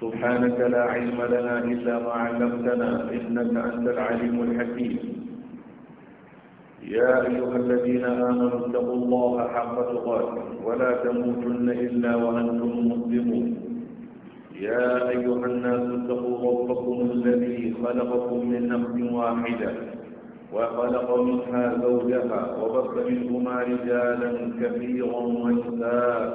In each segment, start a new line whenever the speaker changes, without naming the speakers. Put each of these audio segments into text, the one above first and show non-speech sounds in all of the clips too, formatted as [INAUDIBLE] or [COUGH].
سبحانك لا علم لنا إلا ما علمتنا إنك أنت العليم الحكيم يا أيها الذين آمنوا اتقوا الله حق تقاته ولا تموتن إلا وأنتم مسلمون يا أيها الناس اتقوا ربكم الذي خلقكم من نفس واحدة وخلق منها زوجها وبث منهما رجالا كثيرا ونساء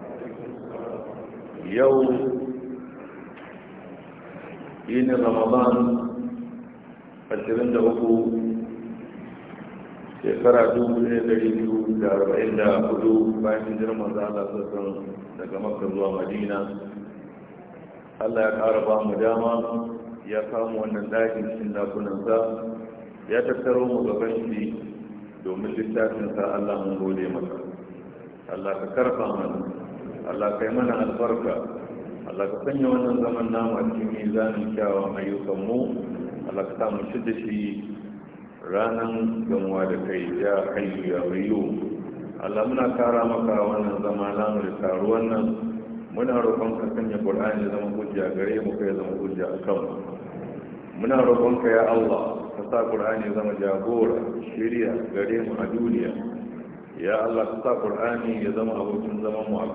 yau yini ramadan 23 shekara 1244 bayan hijirar manzo Allah sassan daga makka zuwa madina Allah ya ƙara ba mu dama ya kama wannan ɗakin cikin ɗakunansa ya tattaro mu gaban shi domin littafinsa Allah mun gode masa Allah ka karfa mana Allah kai mana albarka Allah ka sanya wannan zaman namu a cikin mizanin kyawawan ayyukanmu. mu Allah ka sa mu shi da shi ranan gamuwa da kai ya hayu ya wayo Allah muna kara maka wannan zama namu da taruwan nan muna roƙon ka sanya Qur'ani zama hujja gare mu kai zama hujja a kan muna roƙon ka ya Allah ka sa Qur'ani zama jagora shirya gare mu a duniya ya Allah ka sa Qur'ani ya zama abokin zaman mu a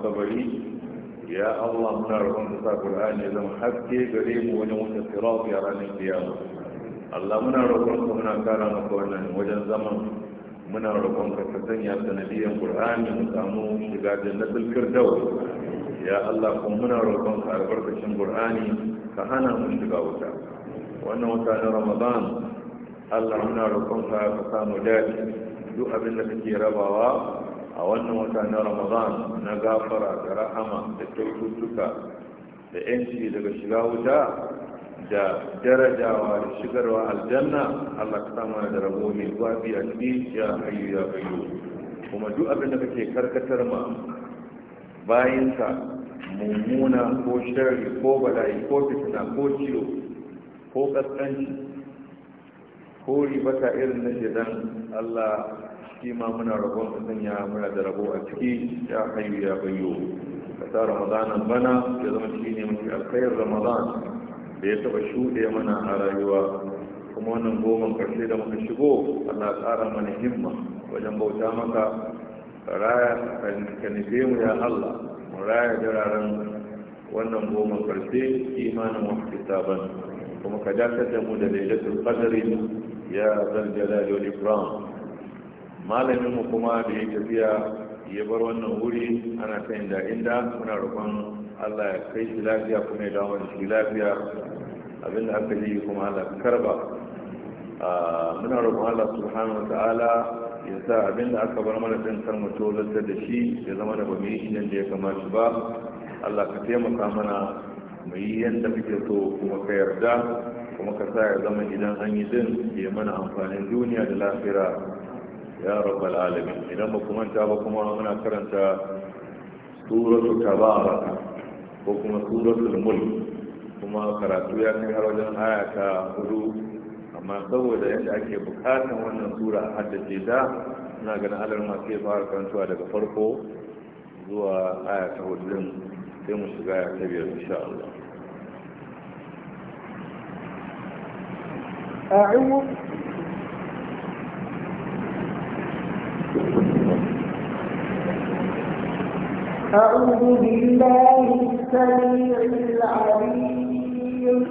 ya Allah muna roƙon ka sa Qur'ani ya zama haske gare mu wajen wata sirat ya ranar kiyama Allah muna roƙon ka muna kara maka wannan wajen zaman muna roƙon ka ka sanya sanadiyan Qur'ani mu samu shiga jannatul firdaus ya Allah kun muna roƙon ka albarkacin Qur'ani ka hana mu shiga wuta wannan wata na Ramadan Allah muna roƙon ka ka samu dace duk abin da kake rabawa a wannan wata na ramadan na gafara da rahama da kyaututtuka da yanci daga shiga wuta da darajawa da shigarwa aljanna allah ka sama da rabo mai zuwa biya ya hayu ya hayu kuma duk abin da kake karkatar ma bayanka mummuna ko shari ko bala'i ko fitina ko ciwo ko kaskanci ko ribata irin na shedan allah shi ma muna rabon ka sanya muna da rabo a ciki ya hayu ya bayyo ka sa ramadanan bana ya zama shi ne mafi alkhairar ramadan da ya taba shuɗe mana a rayuwa kuma wannan goman karshe da muka shigo allah ƙara mana himma wajen bauta maka raya ka nufe mu ya allah mu raya jiraren wannan goman karshe imanin wasu sabon kuma ka dakatar da mu da lailatul qadri ya zal jalali wal ikram malamin mu kuma da ya tafiya ya bar wannan wuri ana ta inda inda muna roƙon Allah ya kai shi lafiya kuma ya dawo shi lafiya abinda aka yi kuma Allah karba muna roƙon Allah subhanahu wa ta'ala ya sa abinda aka bar mana din kar mu tolantar da shi ya zama da bamu yi idan da ya kamata ba Allah ka taimaka mana mu yi yadda muke so kuma ka yarda kuma ka sa ya zama idan an yi din ya mana amfanin duniya da lafira ya rabbal alamin idan ba kuma ba kuma muna karanta suratul tabaraka ko kuma suratul mulk kuma karatu ya kai har wajen aya ta hudu amma saboda yadda ake bukatan wannan sura a haddace da ina ganin alar masu ya fara karantuwa daga farko zuwa aya ta hudu sai mu shiga ya ta biyar insha Allah
أعوذ بالله السميع العليم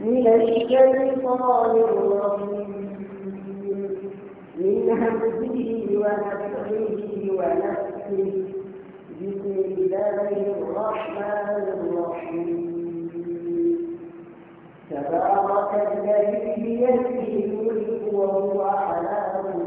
من الشيطان الرجيم من همزه ونفسه ونفسه بسم الله الرحمن الرحيم تبارك الذي بيده الملك وهو على كل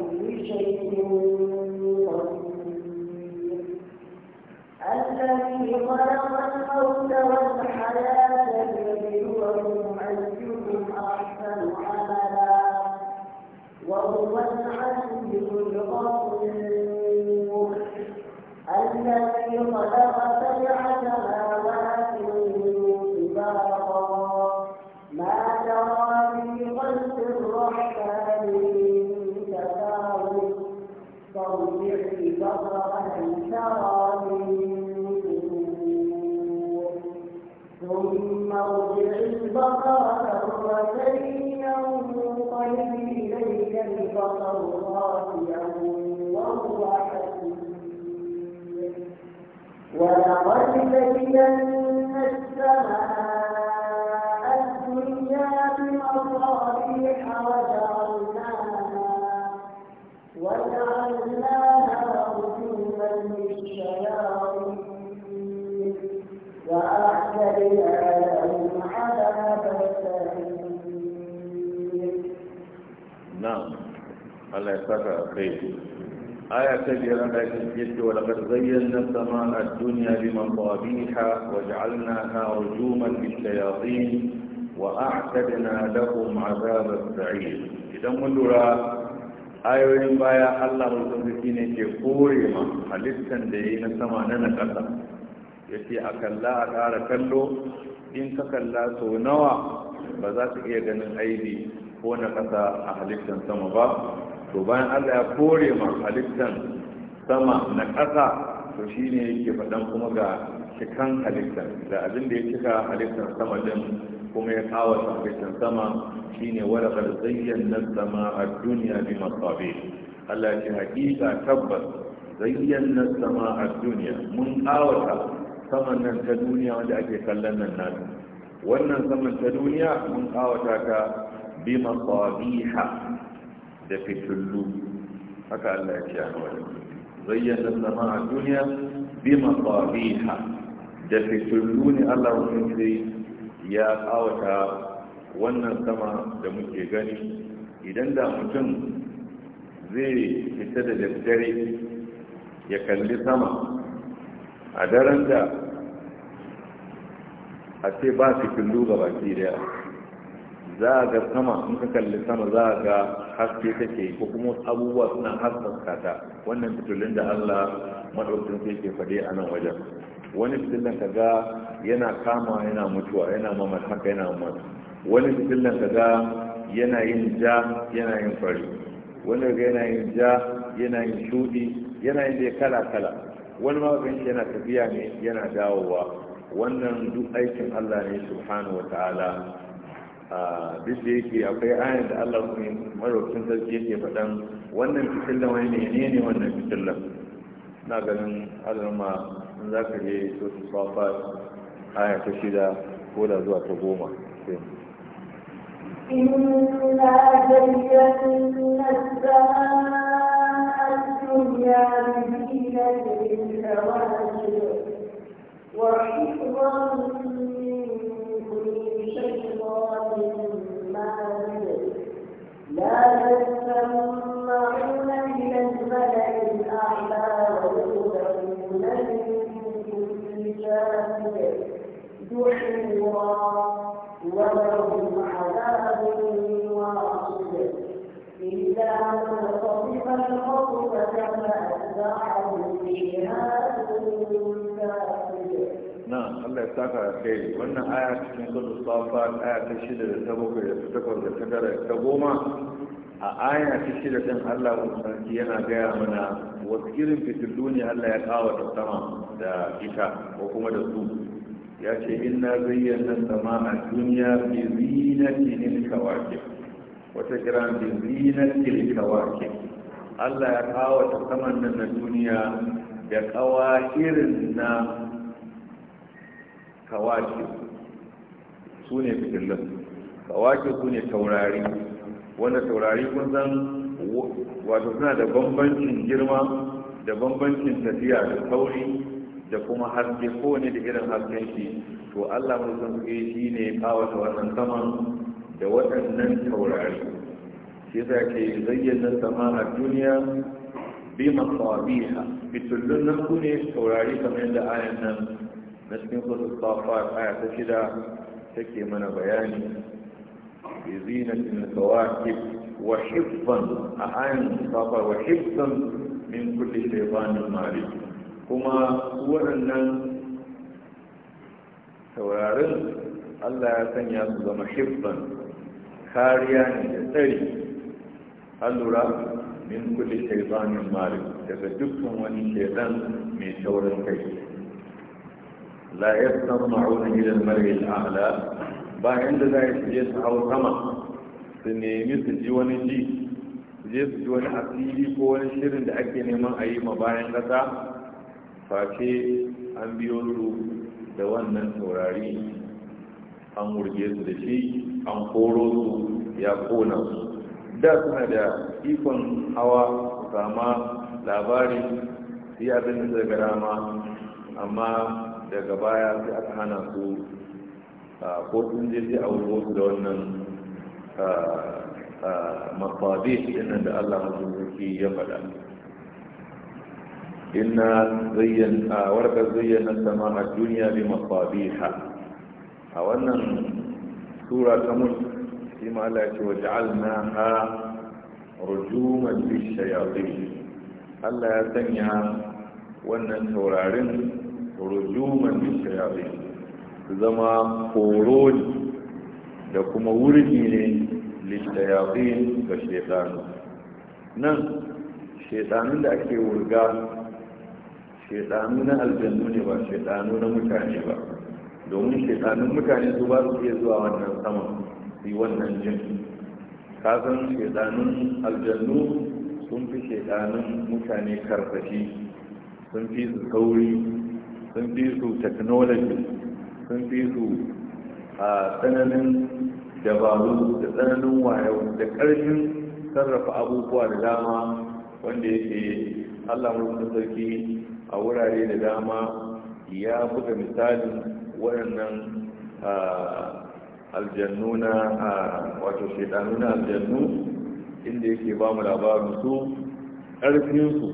وزينا السماء الدنيا بمصابيح وجعلناها وجعلناها رجوما للشياطين وأعتدنا لهم عذاب السعير
نعم الله يسرع خير aya ta biyar da ta ke cewa da kar zayyar na sama na duniya bi man babiha wa ja'alna ha rujuman bi shayatin wa a'tadna lahum azab sa'ir idan mun lura ayoyin baya Allah mun san ne ke kore ma halittan da yayin sama na na kasa yace akan la a kara kallo in ka kalla so nawa ba za ka iya ganin aibi ko na kasa a halittan sama ba to bayan allah ya kore ma halittan sama na ƙasa to shi ne yake faɗan kuma ga cikan halittar da abin da ya cika halittar sama din kuma ya kawata halittar sama shine wala qad zayyana sama a duniya bi masabi Allah ya hakika tabbas zayyana sama a duniya mun kawata saman nan ta duniya wanda ake kallon nan nan wannan saman ta duniya mun kawata ta bi masabiha da fitullu haka Allah ya ce a wani zayyana sama a duniya bi masabiha da fitullu ne Allah wani sai ya kawata wannan sama da muke gani idan da mutum zai fita da daddare ya kalli sama a daren da a ce ba fitullu ga baki daya za a ga sama in ka kalli sama za a ga haske take ko kuma abubuwa suna haskaka ta wannan fitilun da Allah madaukakin sai ke fade a nan wajen wani fitilun kaga yana kama yana mutuwa yana mamar haka yana mamar wani fitilun kaga yana yin ja yana yin fari wani kaga yana yin ja yana yin shudi yana yin dai kala kala wani ma yana tafiya ne yana dawowa wannan duk aikin Allah ne subhanahu wataala duk da yake akwai ayar da Allah kuma marokin sarki yake faɗan wannan fitilla wani ne ne wannan fitilla na ganin alama in za ka je so su fafa aya ta shida ko da zuwa ta goma
إنا زينا السماء الدنيا بزينة الكواكب وحفظا
saka kai wannan aya cikin sura safa aya ta 6 da ta 7 da ta 8 da ta 9 ta 10 a aya ta shida ɗin Allah sarki yana gaya mana wasu irin fitillu ne Allah ya kawo ta sama da ita ko kuma da su ya ce inna zayyana sama a duniya bi zinati lil kawakib wata kira bi zinati lil kawakib Allah ya kawo ta saman nan na duniya da kawa irin na kawaki su ne fitillun kawaki su ne taurari wanda taurari kun san wato suna da bambancin girma da bambancin tafiya da sauri da kuma haske kowane da irin hasken shi to allah mai san suke shi ne kawata wannan saman da waɗannan taurari shi yasa ke zayyana sama a duniya bi masabiha fitullun nan ku ne taurari kamar yadda ayan nan na cikin sosu safa aya ta shida take mana bayani bi zinatin kawakib wa hibban a ayan safa wa hibban min kulli shaytanin marid kuma waɗannan taurarin Allah ya sanya su zama hibban kariya ne da tsari an lura min kulli shaytanin marid daga dukkan wani shaytan mai taurin kai la yastama'una ila al-mar'i al-a'la ba inda za su je su hau su nemi su ji wani ji su je su ji wani asiri ko wani shirin da ake neman a yi ma bayan kasa face an biyo su da wannan taurari an wurge su da shi an koro su ya kona da suna da ikon hawa su sama labarin sai abin da zagara ma amma daga baya sai aka hana su ko sun je sai a wuce da wannan mafabi ɗin da Allah mazurki ya faɗa inna zayyana warka zayyana sama a duniya bi mafabiha a wannan sura ta mun shi ma Allah ce wa ja'alna ha rujuman bi shayatin Allah ya sanya wannan taurarin rujuman min shayabi zama koro da kuma wurgi ne lishayabi ga shaitanu nan shaitanun da ake wurga shaitanu na aljannu ne ba shaitanu na mutane ba domin shaitanun mutane su ba su iya zuwa wannan saman su yi wannan jin kasan shaitanun aljannu sun fi shaitanun mutane karfashi sun fi su kauri sun fi su technology sun fi su a tsananin dabaru da tsananin wayo da ƙarfin sarrafa abubuwa da dama wanda yake allah mulkin sarki a wurare da dama ya buga misalin waɗannan aljannu na wato shaidanu na aljannu inda yake ba mu labarin su ƙarfinsu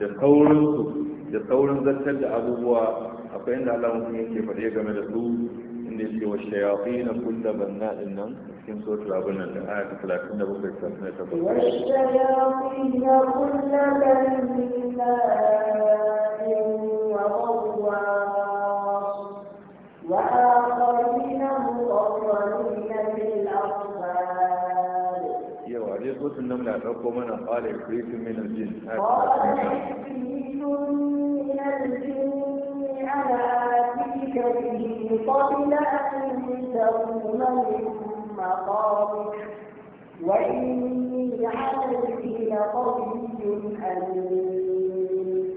da saurinsu da saurin zartar da abubuwa akwai inda Allah mutum yake faɗe game da su inda yake wa shayafi na kulla banna din nan cikin sotu abin nan da aya ta talatin da bakwai ta sanar ta bakwai.
Washayafi na kulla banna wa wa
sotun nan da ɗauko mana ƙwale kritin min aljin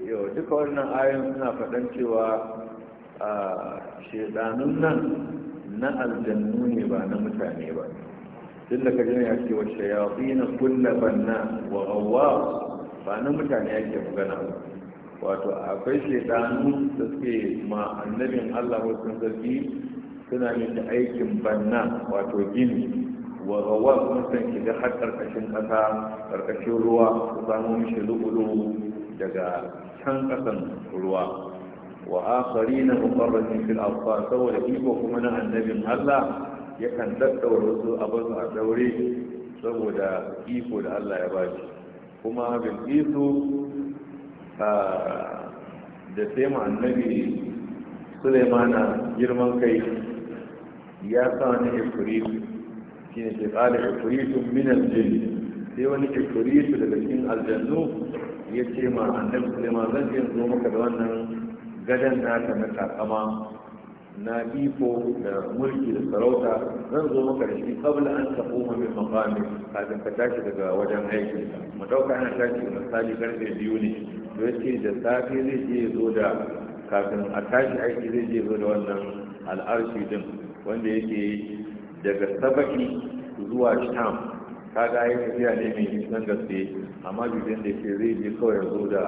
yau duka wannan ayon suna faɗan cewa a ah, shedanun nan na aljannu ne ba na mutane ba tun da kaji ya ce wa na kulla banna wa ghawwa ba na mutane yake magana wato akwai shedanu da suke ma annabin Allah wasu zargi suna yin aikin banna wato gini wa ghawwa kuma san shiga har karkashin kasa karkashin ruwa su samu mishi lu'ulu daga can kasan ruwa wa akharina muqarrabin fil afqa saboda iko kuma na annabin Allah yakan daddaura wasu abin a daure saboda iko da Allah ya ba shi kuma bilkisu da tema annabi sulaimana girman kai ya sa wani ifritu shi ne ke tsada minan jini sai wani ifritu daga cikin aljannu ya ce ma annabi sulaimana zan je zo maka da wannan gadon naka na takama na iko da mulki da sarauta zan zo maka da shi kabla an ta koma min makamin kafin ka tashi daga wajen aiki mu dauka ana tashi misali karfe biyu ne to ce da safe zai je zo da kafin a tashi aiki zai je zo da wannan al'arshi din wanda yake daga sabaki zuwa sham kaga ya tafiya ne mai nisan gaske amma bibin da ke zai je kawai zo da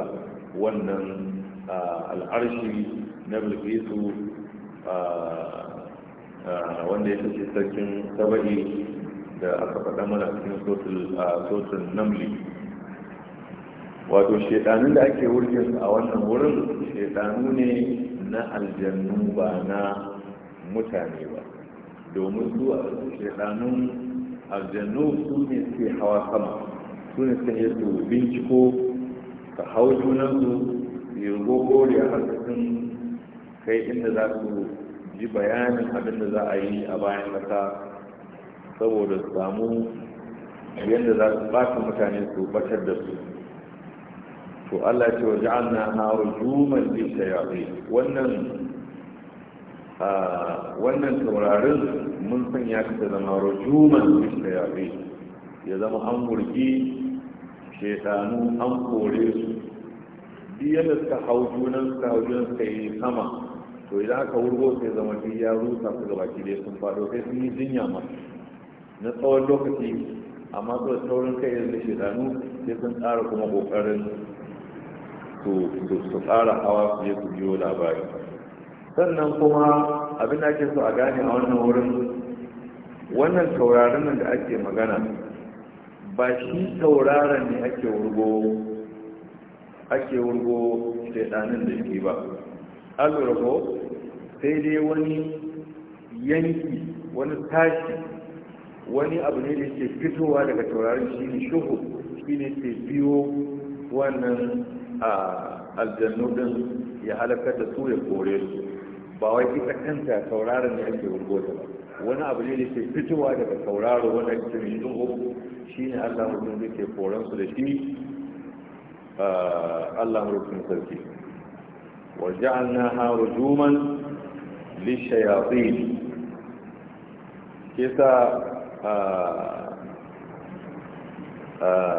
wannan ah, al'arshi na bilkisu wanda ya sace sarkin saba'i da aka faɗa mana cikin sotun namli wato shedanun da ake wurin a wannan wurin shaidanu ne na aljannu ba na mutane ba domin su a aljannu su ne suke hawa sama su ne suke su binciko ka hau junansu su yi gogori a harkacin kai inda za su ji bayanin abin da za a yi a bayan kasa saboda su samu yadda za su ɓata mutane su batar da su to Allah ce wa ja'alna ha juman bi shayatin wannan wannan taurarin mun sanya ka ta zama rujuman bi shayatin ya zama an murgi shedanu an kore su da suka hau junan suka hau junan suka yi sama to idan aka wurgo sai zama shi ya rusa su gaba ki dai sun faɗo sai sun yi jinya ma na tsawon lokaci amma su saurin kai yanzu zanu sai sun tsara kuma kokarin su tsara hawa su je su biyo labari sannan kuma abin da ake so a gane a wannan wurin wannan taurarin nan da ake magana ba shi tauraron ne ake wurgo ake wurgo shaidanin da shi ba alura ko sai dai wani yanki wani tashi wani abu ne da ke fitowa daga taurarin shi ne shuhu shi ne ke biyo wannan aljannu din ya halakar da su ya kore su ba wai ita kanta tauraron da ake wurgota ba wani abu ne da ke fitowa daga tauraro wanda ake mai shuhu shi ne allah mutum zai ke koren su da shi allah mutum sarki wajen na ha rujuman lishayatin kesa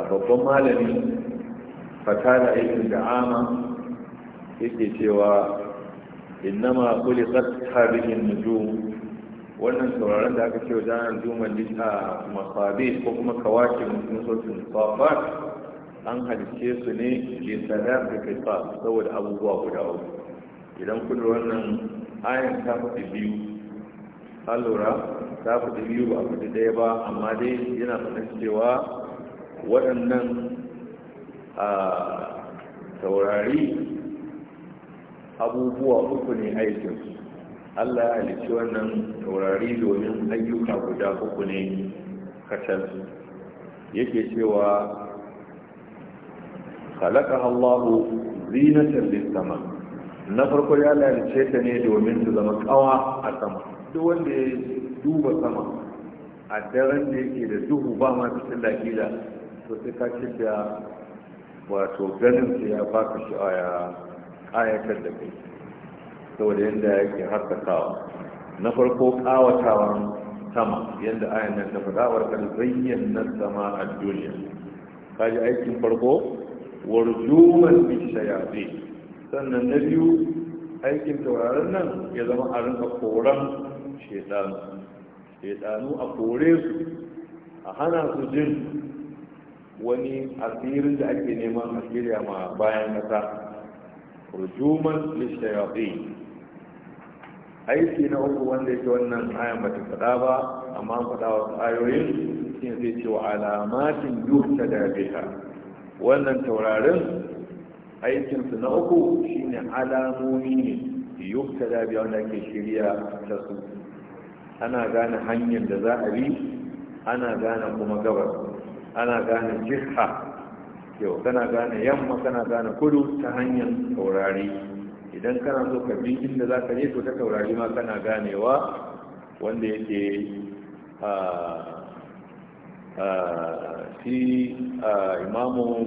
babban malami fatana aikin ama yake cewa innama kulikat hadihin nujum wannan sauraron da aka ce wa jana nujuman lita masabi ko kuma kawaki mutum sosin an halice su ne sadar da kai saboda abubuwa guda uku idan kun wannan ayan ta faɗi biyu an lura ta faɗi biyu ba a faɗi ɗaya ba amma dai yana faɗin cewa waɗannan a taurari abubuwa uku ne aikin. allah ya halicci wannan taurari domin ayyuka guda uku ne kacal yake cewa خلقها الله زينة للسماء na farko ya lalace ta ne domin su zama kawa a sama duk wanda ya duba sama a daren da yake da duhu ba ma cikin lafiya to sai ka ce da wato ganin su ya baka sha'aya ya da kai saboda yadda yake haskakawa na farko kawatawan sama yadda ayan nan ta faɗa wa zayyan zayyana sama a duniya kaji aikin farko warjuman bi shayatin sannan na biyu aikin tauraron nan ya zama a rinka koran shaidanu shaidanu a kore su a hana su jin wani asirin da ake neman a shirya ma bayan kasa rujuman lishayafi aiki na uku wanda yake wannan ayan ba ta faɗa ba amma an faɗa wasu ayoyin shi ne zai wa alamatin ta da biha wannan taurarin aikinsu na uku shine alamomi ne yuktada biya wanda ke shirya ta su ana gane hanyar da za a bi ana gane kuma gabar ana gane jiha yau kana gane yamma kana gane kudu ta hanyar taurari idan kana so ka bi inda za ka to ta taurari ma kana ganewa wanda yake shi imamu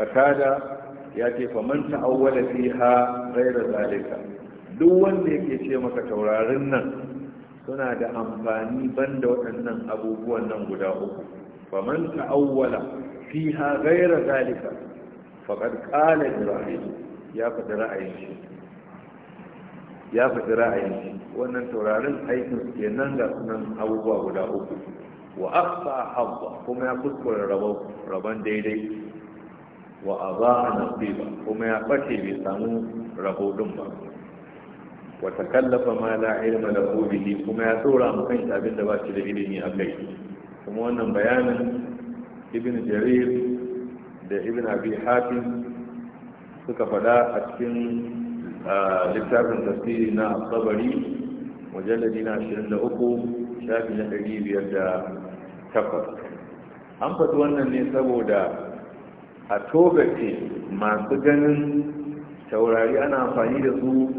fatada ya ce fa man fi ha ghayra zalika duk wanda yake ce maka taurarin nan suna da amfani ban da waɗannan abubuwan nan guda uku fa man ta'awwala fiha ghayra zalika faqad qala ibrahim ya faɗi ra'ayin shi ya faɗi ra'ayin shi wannan taurarin aikin kenan ga sunan abubuwa guda uku wa aksa habba kuma ya kuskure rabon daidai wa a ba a nasiba kuma ya ɓace bai samu rabo ba wa ta kallafa ma la ilma da bihi kuma ya tsora mu kan abin da ba shi da ilimi a kai kuma wannan bayanin ibn jarir da ibn abi hatim suka faɗa a cikin littafin tafsiri na sabari mujalladi na 23 shafi na 508 an faɗi wannan ne saboda a togace masu ganin taurari ana amfani da su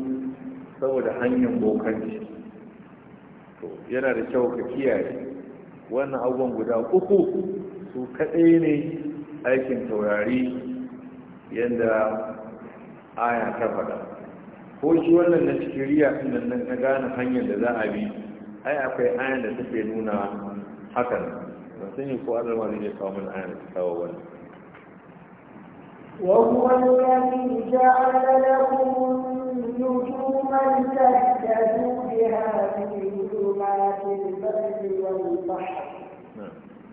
saboda hanyar bokanci to yana da kyau ka kiyaye wannan abubuwan guda uku su kaɗai ne aikin taurari yadda aya ta faɗa ko shi wannan na cikin riya nan na gane hanyar da za a bi ai akwai ayan da take nuna hakan ban sani ko an ne ya kawo mana ayan da ta kawo wannan
وهو الذي جعل لكم النجوم لتهتدوا بها في ظلمات البر والبحر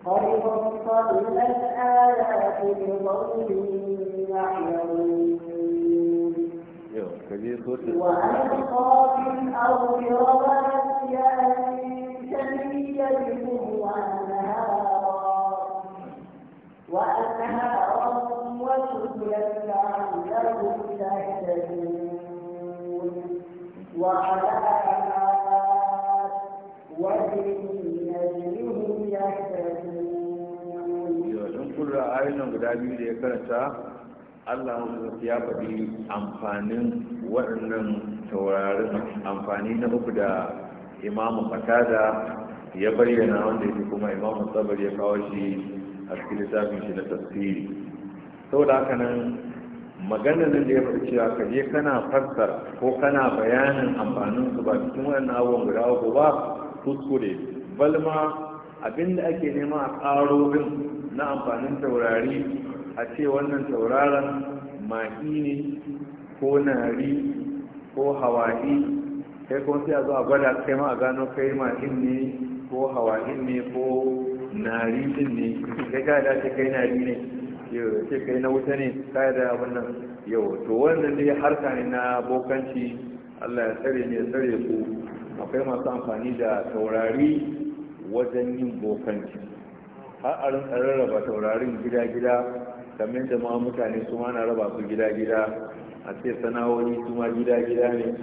قد فصلنا الآيات لقوم يعلمون
وألقى في الأرض رواسي أن تميل بكم وأنهارا
وأنهارا لعلهم يهتدون وعلامات وبالنجم يهتدون كل آية guda biyu da ya karanta
Allah ya faɗi amfanin waɗannan taurarin amfani na uku da imamu fatada ya bayyana wanda ya fi kuma imamu sabar ya kawo shi a cikin littafin shi na tafsiri saboda haka nan maganar nan da ya fi cewa ka je kana fassara ko kana bayanin amfanin su ba cikin wannan abubuwan guda uku ba kuskure balma abinda ake nema a ƙaro na amfanin taurari a ce wannan tauraron ma'i ne ko nari ko hawa'i kai kuma sai a zo a gwada kai ma a gano kai ma'in ne ko hawaii ne ko nari ne kai ka dace kai nari ne yau ce kai na wuta ne yi da wannan yau to wannan dai harka ne na bokanci Allah ya tsare ne ya tsare ku akwai masu amfani da taurari wajen yin bokanci har a rinka rarraba taurarin gida-gida kamar da ma mutane su ma na raba su gida-gida a ce sana'o'i su ma gida-gida ne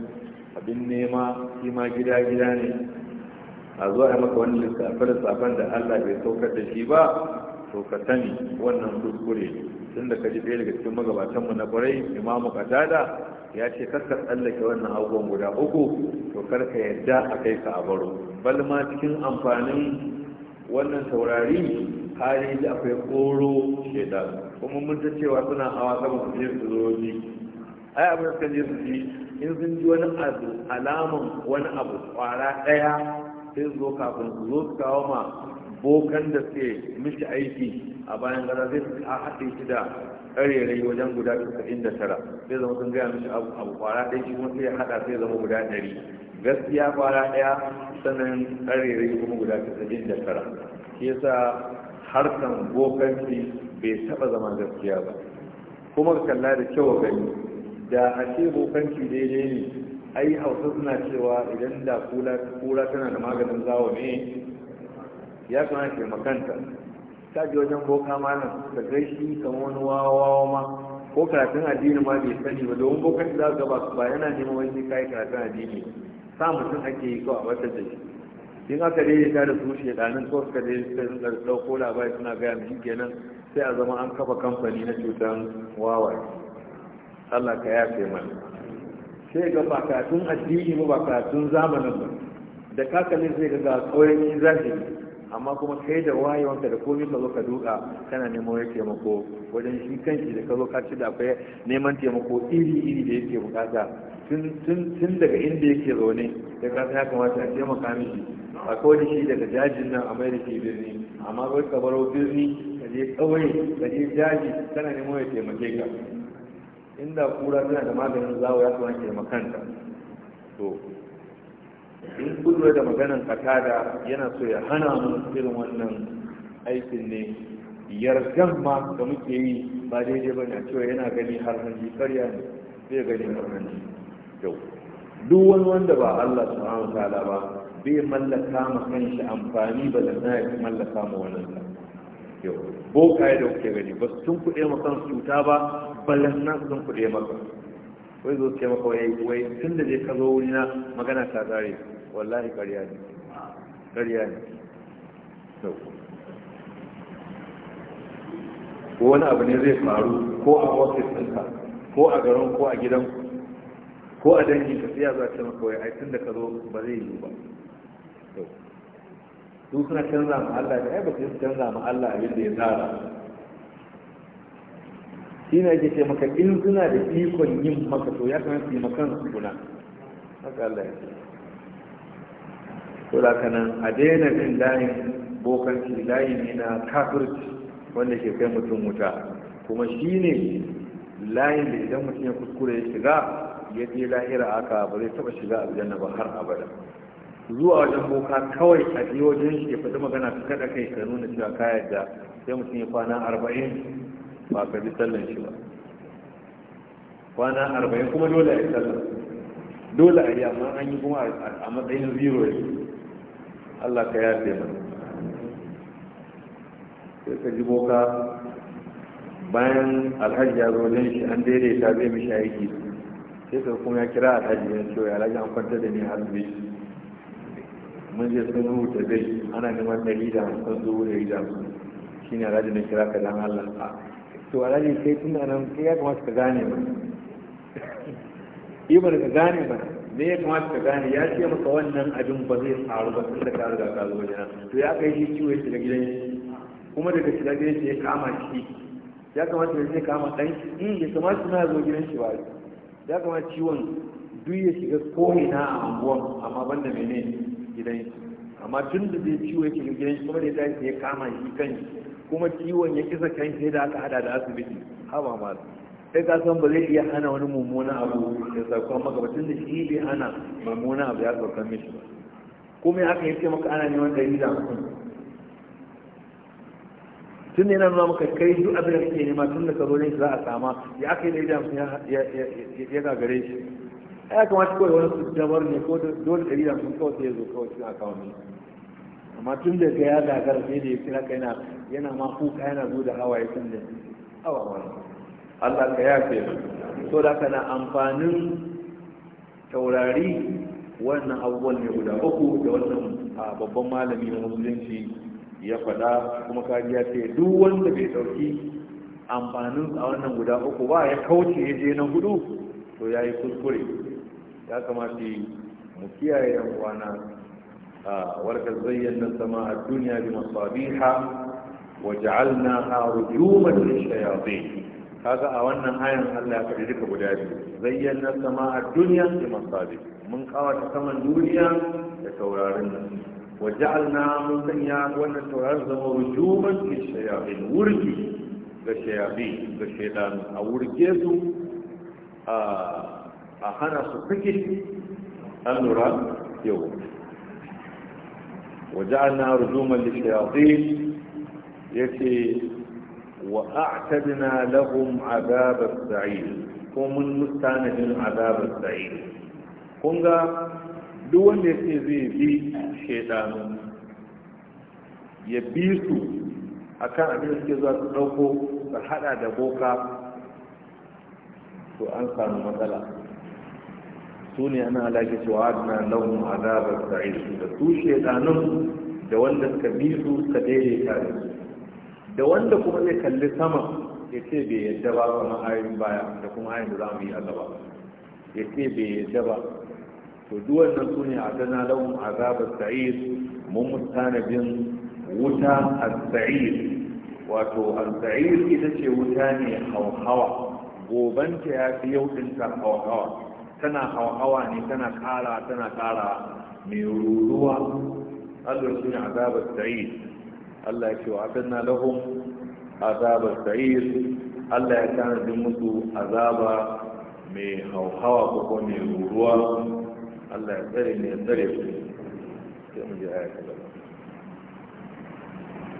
abin nema su ma gida-gida ne a zuwa maka wani lissafin da Allah bai saukar da shi ba to ka sani wannan kuskure tun da ka ji ɗaya daga cikin magabatanmu na ƙwarai, imamu katada ya ce karka tsallake wannan abubuwan guda uku to karka yadda a kai ka a baro bal ma cikin amfanin wannan taurari hali da akwai koro shaidan kuma mun ta cewa suna hawa sama su su zo ji ai abin da je su ji in sun ji wani alaman wani abu kwara ɗaya sai zo kafin su zo su kawo ma bokan da suke miki aiki a bayan gara zai a haɗe shi da ƙarerai wajen guda casa'in da tara zai zama sun gaya mishi abu abu kwara ɗaya shi kuma sai ya haɗa sai zama guda ɗari gaskiya kwara ɗaya sannan ƙarerai kuma guda casa'in da tara shi yasa harkan bokanci bai taɓa zama gaskiya ba kuma kalla da kyau gani da a ce bokan shi daidai ne ai hausa suna cewa idan da kura tana da maganin zawo ne ya kamata ke makanta ta ji wajen boka malam ka shi kamar wani wawawa ma ko karatun addini ma bai sani ba domin boka shi za ka ba yana neman wani kai karatun addini sa mutum ake yi kawai a wata da shi in aka daidaita da su shedanin ko suka daidaita sun ga ko labari suna gaya mu kenan sai a zama an kafa kamfani na cutar wawaye Allah ka yafe mana sai ga ba karatun addini ba ba karatun zamanin ba da kakalin sai ga ga kauyen zafi. amma kuma kai da wayewanka da komai ka zo ka duka kana neman wani taimako wajen shi kanshi da ka zo ka ci da akwai neman taimako iri iri da yake bukata tun daga inda yake zaune da ka ya kamata a taimaka mishi a kawai shi daga jajin nan a mai da ke birni amma kawai ka baro birni ka je kawai ka je jaji kana neman ya taimake ka inda kura tana da maganin zawo ya kamata taimakanta to in kudura da maganan katada yana so ya hana mu irin wannan aikin ne yargan ma da muke yi ba daidai ba ne cewa yana gani har hanji karya ne zai gani har hanji yau duk wani wanda ba Allah subhanahu ta'ala ba bai mallaka ma kanshi amfani ba da na mallaka ma wani yau kai da kuke gani ba su tun kuɗe ma kan cuta ba ballan na sun kuɗe maka wai zo ke maka wai tun da je ka zo wurina magana ta tsare wallahi ƙarya ne ƙarya ne ko wani abu ne zai faru ko a ofis ɗinka ko a garin ko a gidan ko a dangi ka siya za ta maka wai ai tun da ka zo ba zai yi ba su suna canza ma Allah da ai ba su canza ma Allah abin da ya tsara shi ne ake ce maka in suna da ikon yin maka to ya kamata su yi su guna haka Allah ya ce to da nan, a daina bin layin bokanci layin yana kafirci wanda ke kai mutum wuta kuma shi ne layin da idan mutum ya kuskure ya shiga ya je lahira aka ba zai taba shiga aljanna ba har abada zuwa wajen boka kawai a je wajen shi ya faɗi magana ka kaɗa kai ka nuna cewa ka yarda sai mutum ya kwana arba'in ba ka bi sallan shi ba kwana arba'in kuma dole a yi sallan dole a yi amma an yi kuma a matsayin zero yanzu Allah ka yafe mana sai ka ji boka bayan alhaji ya zo wajen shi an daidaita zai mishi aiki sai ka kuma ya kira alhaji ya ce alhaji an kwanta da ni har asibiti mun je sun rubuta zai ana neman ɗari da hamsin zuwa ɗari da hamsin shi ne alhaji na kira ka dan Allah to alhaji kai tun da nan ya kamata ka gane ba ibar ka gane ba me ya kamata ka gane ya ce maka wannan abin ba zai faru ba tun da ka riga ka zo wajena to ya kai shi ciwo ya shiga gidan kuma daga shiga gidan shi ya kama shi ya kamata ya zai kama ɗan shi ya hmm, kamata suna zo gidan shi ba ya kamata ciwon duk ya shiga ko'ina a anguwan amma banda mene gidan shi amma tun da zai ciwo ya shiga gidan shi kuma da ya tashi ya kama shi kan kuma ciwon ya kisa kan shi da aka hada da asibiti haba su. sai ka san ba zai iya hana wani mummuna abu ya sauka maka ba tunda shi bai hana mummuna abu ya sauka mishi ba kuma ya aka yi ce maka ana neman ɗari da hamsin tun yana nuna maka kai duk abin da kake nema tun da ka zo ne za a sama ya aka yi ɗari da ya ya gagare shi ya kamata kawai wani su dabar ne ko dole ɗari da kawai sai ya zo kawai kawo ne amma tun da ka ya gagara sai da ya kira ka yana ma kuka yana zo da hawaye tun da awa wani Allah ka yafe mu so da kana amfanin taurari wannan abubuwan ne guda uku da wannan babban malami na musulunci ya faɗa kuma kariya ce duk wanda bai ɗauki amfanin a wannan guda uku ba ya kauce ya je na hudu to ya yi kuskure ya kamata mu kiyaye yan a warkar zayyana sama a duniya bi masabiha wa ha rujuman lishayatin kaga a wannan ayan Allah ya faɗi duka guda biyu zayyana sama a duniya da masabi mun kawata saman duniya da taurarin nan wa ja'alna mun sanya wannan taurarin zama rujuman lil shayatin wurki ga shayabi ga shaytan a wurke su a a hana su fike an lura yau wa ja'alna rujuman lil yace wa a'tadna lahum azab as-sa'ir ko mun mustanadin azab as-sa'ir kun ga duk wanda yake zai bi shedanu ya bi su a kan abin da suke zuwa su dauko su haɗa da boka to an samu matsala su ne ana alaƙi cewa adana lahum azab as-sa'ir da su shedanun da wanda suka bi su ka daidaita da su da wanda kuma zai kalli sama ya ce bai yadda ba kuma ayin baya da kuma ayin da za mu yi a gaba ya ce bai yadda ba to duwannan su ne a tana lahun azabar sa'ir mun mutane bin wuta a sa'ir wato al-sa'ir ita ce wuta ne hauhawa gobanta ya fi yau ɗinta hauhawa tana hauhawa ne tana kara tana kara mai ruruwa allah ne azabar sa'ir Allah ya ce wa adanna lahum azabar sa'ir Allah ya tanadi musu azaba mai hauhawa ko kuma mai ruruwa Allah ya tsare ne ya tsare su sai mu ji aya ta gaba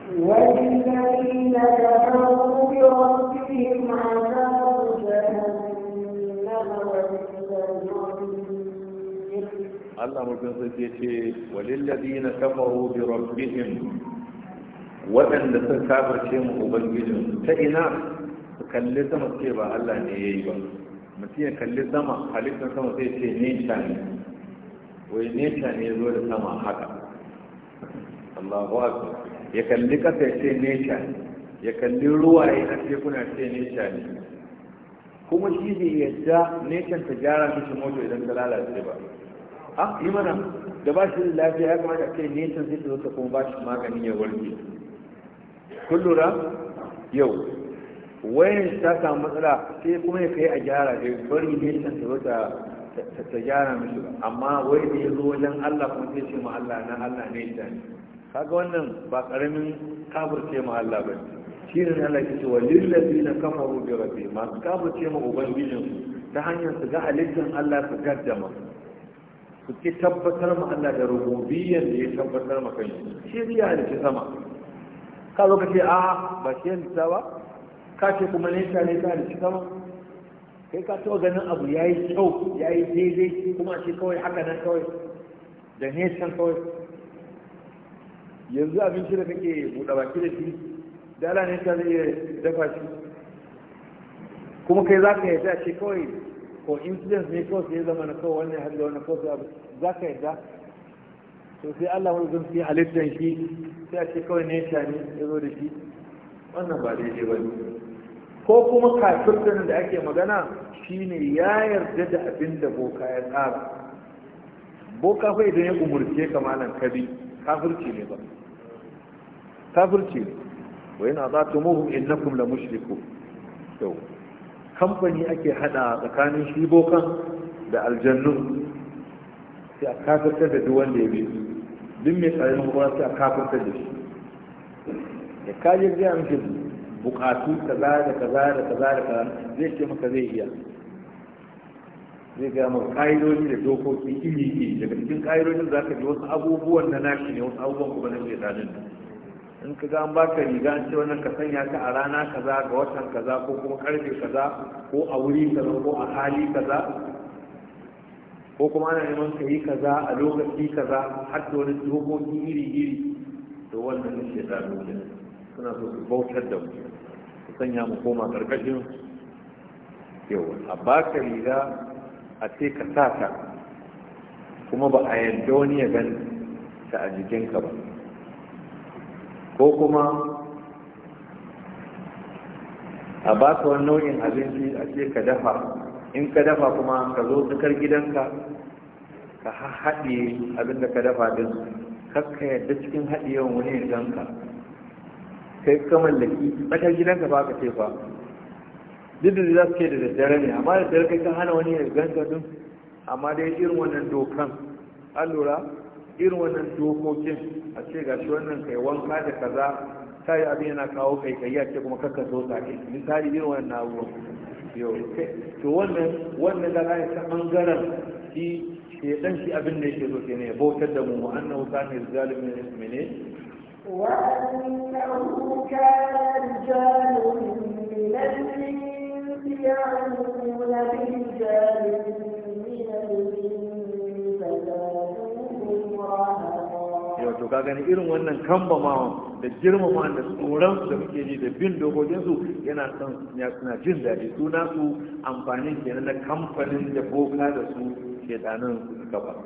والذين كفروا بربهم عذاب جهنم وبئس المصير
الله مبين صديقه وللذين كفروا بربهم waɗanda sun kafirce mu ubangijin ta ina su kalli sama ce ba Allah ne ya yi ba mutum ya kalli sama halittar sama sai ce nesha ne wai nesha ne zo da sama haka Allahu akbar ya kalli kasa ya ce nesha ne ya kalli ruwa ya na tekuna ce nesha ne kuma shi ya ja neshan ta gyara shi moto idan ta lalace ba a ah, yi mana da ba shi da lafiya ya kamata ce neshan sai ta zo ta kuma ba shi magani ya warke kun lura yau wayan ta samu matsala sai kuma ya kai a gyara da bari ne ta zo ta gyara musu ba amma wai da ya zo wajen Allah kuma sai ce ma Allah na Allah ne ta ne kaga wannan ba karamin kafirce ma Allah ba shi ne Allah ke cewa na kafaru bi rabbi masu kafirce ma ubangijin su ta hanyar su ga halittar Allah su gaddama su ki tabbatar ma Allah da rububiyyar da ya tabbatar ma kai shi ya halitta sama ka zo ka ce a ba shi halitta ba ka ce kuma ne ta ne ta halitta sama kai ka taɓa ganin abu ya yi kyau ya yi daidai kuma ce kawai haka nan kawai da nesan kawai yanzu abinci da kake buɗe baki da shi da ala ne ta zai dafa shi kuma kai za ka yarda ce kawai ko incidence ne kawai sai zama na kawai wannan hajji wani wannan kawai za ka yarda to sai Allah wani zan fi halittar shi sai a ce kawai ne ya ne ya zo da shi wannan ba daidai ba ne ko kuma kafirtan da ake magana shine ya yarda da abin da boka ya tsara boka fa idan ya umurce ka malam kabi kafirci ne ba kafirci ne wa yana za ta muhu innakum la mushriku to kamfani ake hada tsakanin shi bokan da aljannu sai a kafirtar da duk wanda ya bi duk mai tsarin kwakwalwa sai a kafirta da shi da kajin zai amince bukatu kaza da kaza da kaza da kaza zai ce maka zai iya zai ga mu ka'idoji da dokoki iri iri daga cikin ka'idojin za ka ji wasu abubuwan na nashi ne wasu abubuwan kuma na shaitanin in ka ga an baka riga an ce wannan ka sanya ka a rana kaza ga watan kaza ko kuma karfe kaza ko a wuri kaza ko a hali kaza ko kuma ana neman ka yi kaza a lokaci kaza har da wani dokoki iri iri to wannan ne shi da suna so su bautar da mu su sanya mu koma karkashin yau a baka riga a ce ka sa ta kuma ba a yarda wani ya gani ta a jikinka ba ko kuma a baka wani nau'in abinci a ce ka dafa in ka dafa kuma ka zo tsakar gidanka ka haɗe abin da ka dafa din kakka yadda cikin yawan wani ya ganka kai ka mallaki tsakar gidanka ba ka ce duk da za su ke da daddare ne amma da daddare kai ka hana wani ya ganka din amma dai irin wannan dokan an lura irin wannan dokokin a ce ga shi wannan kai wanka da kaza yi abin yana kawo kai kai ya ce kuma kakka so ke, misali irin wannan abubuwan yau [LAUGHS] to wannan wannan da ya ta bangaren shi dan shi abin da yake so kenan ya bautar da mu mu annahu kana zalimin mu'minin
wa annahu kana rijalun min al-jinn ya'lamuna bil-jahilin
ka gani irin wannan kambamawa da girmama da tsoron da muke ji da bin dokokinsu yana son suna jin daɗi suna su amfanin kenan na kamfanin da boka da su ke danin gaba ba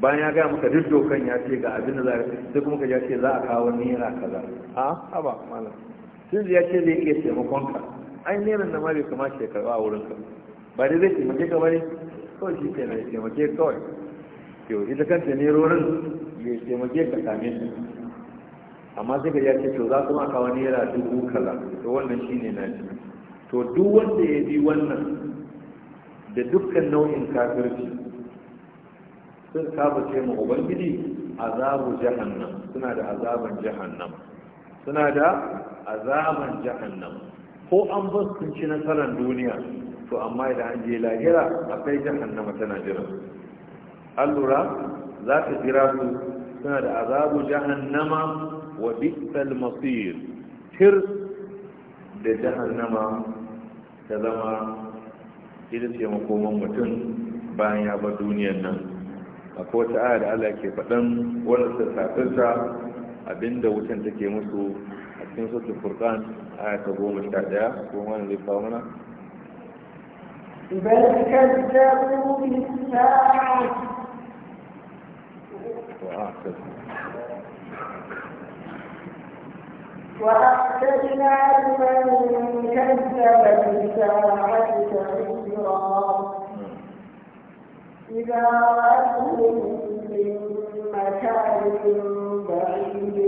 bayan ya gaya muka duk dokan ya ce ga abin da za a sai kuma ka ya ce za a kawo nera kaza a haba malam sun ya ce zai iya taimakon ka ai nera na ma bai kamata karba a wurin ka ba dai zai taimake ka bane kawai shi ke na taimake kawai yau ita kanta ne rorin ya taimake ka same su amma sai ga ya ce to za su maka wani yara dubu kala? to wannan shine na ji to duk wanda ya bi wannan da dukkan nau'in kafirci sun saba ce mu ubangiji azabu jahannam suna da azaban jahannam suna da azaban jahannam ko an bar su ci nasarar duniya to amma idan an je lahira akwai jahannama tana jira an lura za ta jira su suna da azabu jahannama wa bi'sal masir tir da jahannama ta zama ita ce makoman mutum bayan ya bar duniyar nan ko wata aya da Allah ke faɗan wannan sassafinsa abinda wutan take musu a cikin sautin furkan aya ta goma sha ɗaya ko wani zai kawo mana بل
كذبوا بالساعة
وأعتدوا
وأعتدنا لمن كذب بالساعة سعيرا إذا رأتهم من مكان بعيد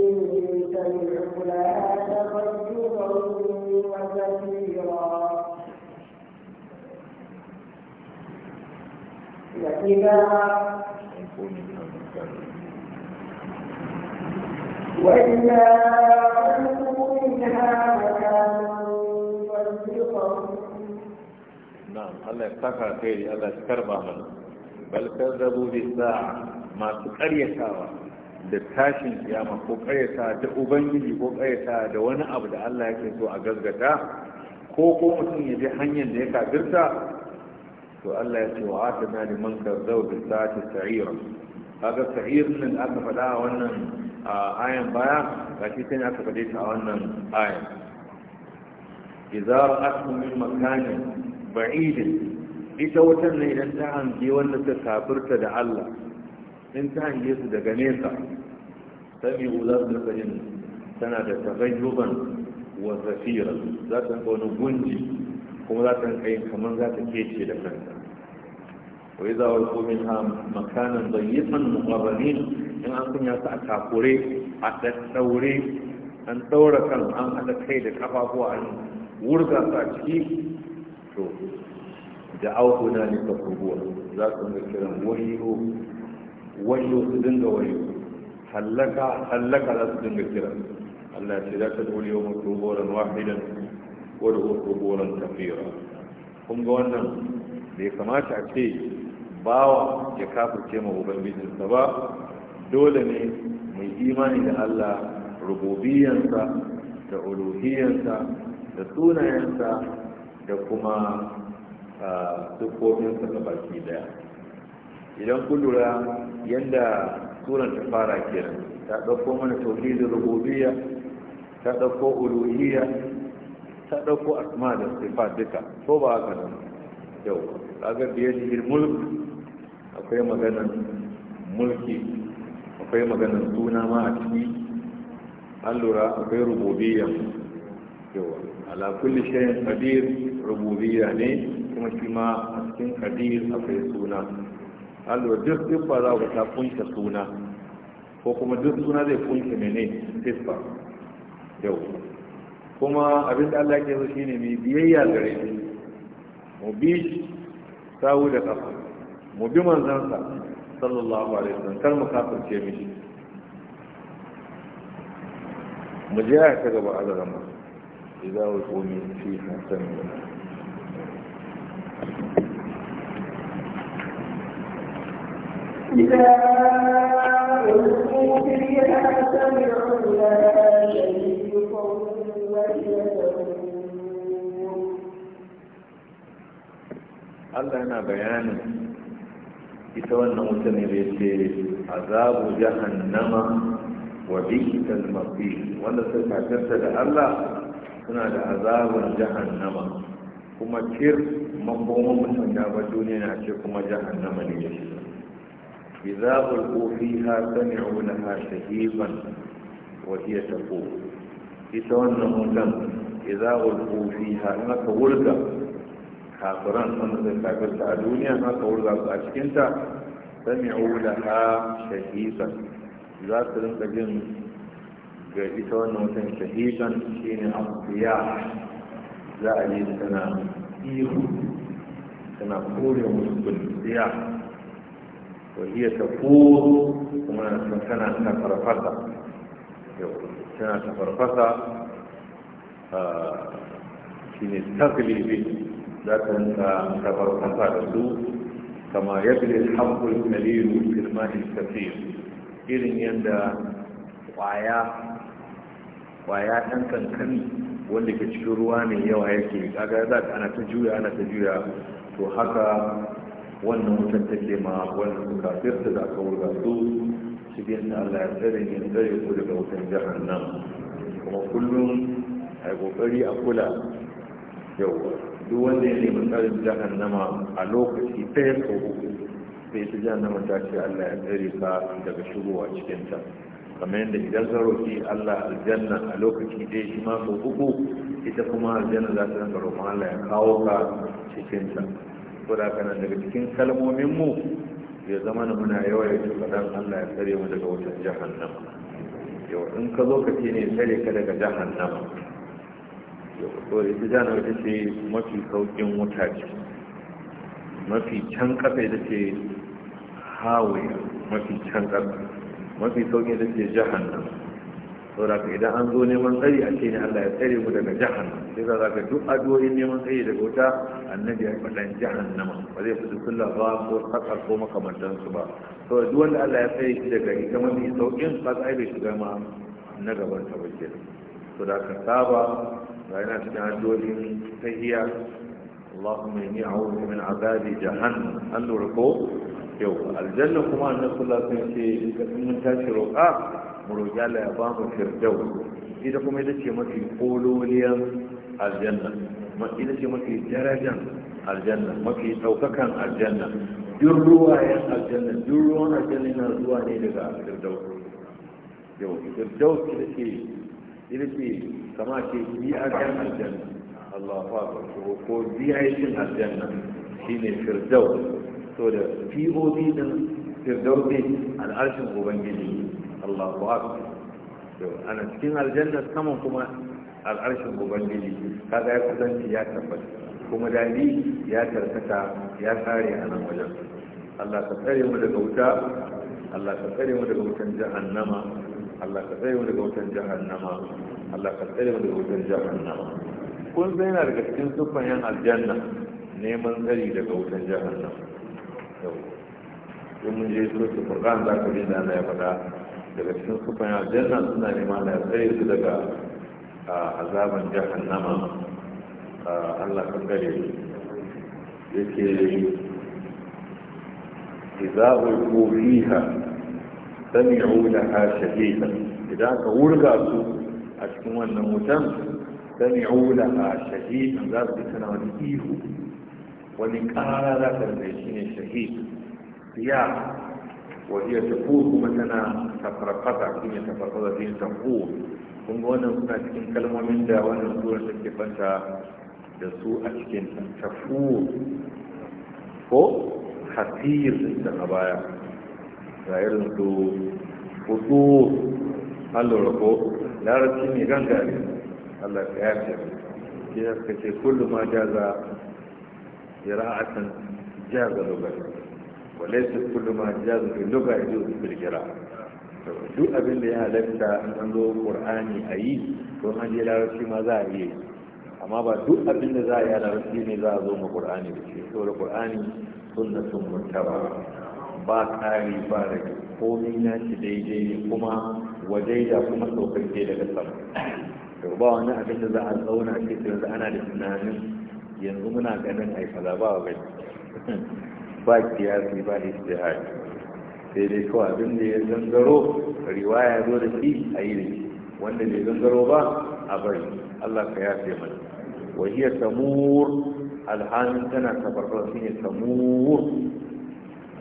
سمعوا لها تغيرا وزفيرا وإذا وإذا ألقوا منها مكانا
نعم الله يفتكر خيري الله يكرمه لنا بل كذبوا بالساعة da tashin kiyama ko karyata da ubangiji ko karyata da wani abu da Allah yake so a gazgata ko ko mutum ya bi hanyar da ya kafirta to Allah ya ce wa atana da kazzau bi sa'ati sa'ira kaga sa'ir nan aka faɗa a wannan ayan baya ga shi sai aka faɗe ta a wannan ayan idza ra'atuhum min makanin ba'idin ita wutan ne idan ta hange wanda ta kafirta da Allah in ta hange su daga nesa sami za su rika tana da tagayyuban wa zafira za ta wani gunji kuma za ta kai kamar za ta kece da kanta wai za wa ko min ha makanan da yi san mu'arrabin in an kunya su a takure a da an daura kan an hada kai da kafafu an wurga ta to da auku na ne kafuwa za ku ne kira wani su dinga wani halaka halaka za su dinga kira Allah ya jira ta dole yau mutu gora na wahida ko da ku gora ta fira kun ga wannan bai kamata a ce bawa ya kafirce ma ubangijinsa ba dole ne yi imani da Allah rububiyansa da uluhiyyansa da sunayensa da kuma siffofinsa ga baki daya idan ku lura yadda suran ta fara kenan ta ɗauko mana tauhidin rububiyya ta ɗauko uluhiyya ta ɗauko asma da sifa duka ko ba haka nan yau kaga biyar mulk akwai maganar mulki akwai maganar suna ma a ciki an lura akwai rububiyya yawa ala kulli shayin qadir rububiyya ne kuma shi ma a cikin qadir akwai suna an lura duk siffa za ku ta kunta suna ko kuma duk suna zai kunta mene siffa yau kuma abin da Allah ke so shine mai biyayya gare mu bi sawu da kafa mu bi manzansa sallallahu alaihi wasallam kar mu ce mishi mu je a ta gaba azaran ba idza wa qumi fi hasan Allah yana bayanin ita wannan wuta ne da yake azabu jahannama wa bi'sal mafi. wanda suka kafirta da Allah suna da azabar jahannama kuma kir makoman mutum ya ba duniya na ce kuma jahannama ne ya shiga idza ulqu fiha sami'u laha shahiban wa hiya taqu ita wannan mutum idza kofi ha in aka wurga kafiran wanda zai kafirta a duniya za ka za su a cikinta sami'u laha shahisan za su rinka jin ga ita wannan watan shahisan shine asbiya za a yi tana ihu tana kore musu kulliya wa hiya tafuru kuma tana tafarfasa tana tafarfasa ah, shine taklibi za ka rinka tabarkanta da su kama yadda alhaƙul kalilu filmahin tafiya irin yadda ƙwaya ɗan kankani wanda ke cikin ruwa ne yawa yake kaga za ka ana ta juya ana ta juya to haka wannan wutan take ma wannan su kafir za ka wurga su cikin da Allah ya tsare ya tsare ku daga wutan jahannam kuma kullum a yi a kula yau duk wanda ya nemi tsarin jahannama a lokaci ɗaya ko uku sai ta jahannama ta ce Allah ya tsare ka daga shigowa cikin ta kamar yadda idan ka roƙi Allah aljanna a lokaci ɗaya shi ma ko uku ita kuma aljanna za ta rinka roƙon Allah ya kawo ka cikin ta saboda haka nan daga cikin kalmomin mu ya zama na muna yawaita faɗan Allah ya tsare mu daga jihar jahannama yau in ka zo ka ce ne tsare ka daga jihar nama. to ita janar ita ce mafi saukin wuta ce mafi can kasa ita ce hawaya mafi can kasa mafi saukin ita ce jahannan saboda idan an zo neman tsari a ce ne Allah ya tsare mu daga jahannan. sai za ka duk addu'o'in neman tsari daga wuta annabi ya faɗa jahannama ba zai fi dukkan ba ko sakar ko makamantan su ba to duk wanda Allah ya tsare shi daga ita mafi saukin ba za a bai shiga ma na gaban ta ba kenan da ka saba ga yana cikin hanyoyin tahiya Allahumma inni a'udhu min azabi jahannam an lura ko yau aljanna kuma annabi sallallahu alaihi wasallam ce in tashi roƙa mu roƙi Allah ya bamu mu firdaus ita kuma ita ce mafi kololiyar aljanna ita ce mafi darajar aljanna mafi ɗaukakan aljanna duk ruwayen aljanna duk ruwan aljanna yana zuwa ne daga yau ita ce irfi kama ke bi a kan aljanna Allah fa ba ko bi a cin aljanna shine firdaus to da POD din firdau ne al'arshin ubangiji Allah fa to ana cikin aljanna saman kuma al'arshin ubangiji kaga ya kusanci ya tabbata kuma dadi ya tarkata ya kare a nan wajen Allah ka tsare mu daga wuta Allah ka tsare mu daga wutan jahannama Allah ka tsaye daga wutan jahannama Allah ka tsaye daga wutan jahannama kun zai na daga cikin sufan yan aljanna neman tsari daga wutan jahannama yau in mun je su su furqan za ka ji da Allah ya faɗa daga cikin sufan yan aljanna suna neman na ya su daga azaban jahannama Allah ka tsare su yake إذا ألقوا فيها sami'u laha shahida idan ka wurga su a cikin wannan wutan sami'u laha shahida za su tana wani ihu wani ƙara za ka rufe shi ne shahid siya wahiyar tafu kuma tana tafarfata shi ne tafarfata shi ne kun ga wannan suna cikin kalmomin da wannan ta ke fanta da su a cikin tafu ko hasir da na baya ga irin su hutu an ko larabci ne gangare allah ya yafe ke ka ce kullum ma jaza jira'atan jaza lugar walaisa kullum ma jaza ke lugar ido su birgira duk abin da ya halatta an zo Kur'ani a yi ko an je larabci ma za a yi. amma ba duk abin da za a yi a larabci ne za a zo ma qur'ani da shi saboda qur'ani sun muttaba ba kari ba rage komi na shi daidai ne kuma waje da kuma ke daga sama Da ba wani abin da za a zauna a cikin yanzu ana da tunanin yanzu muna ganin ai kaza ba wa [LAUGHS] ba kiyasi ba istihad sai dai kawai abin da ya zangaro riwaya zo da shi a yi ne wanda bai zangaro ba a bari Allah ka yafe mana wahiyar tamur alhamin tana tabarbar shi ne tamur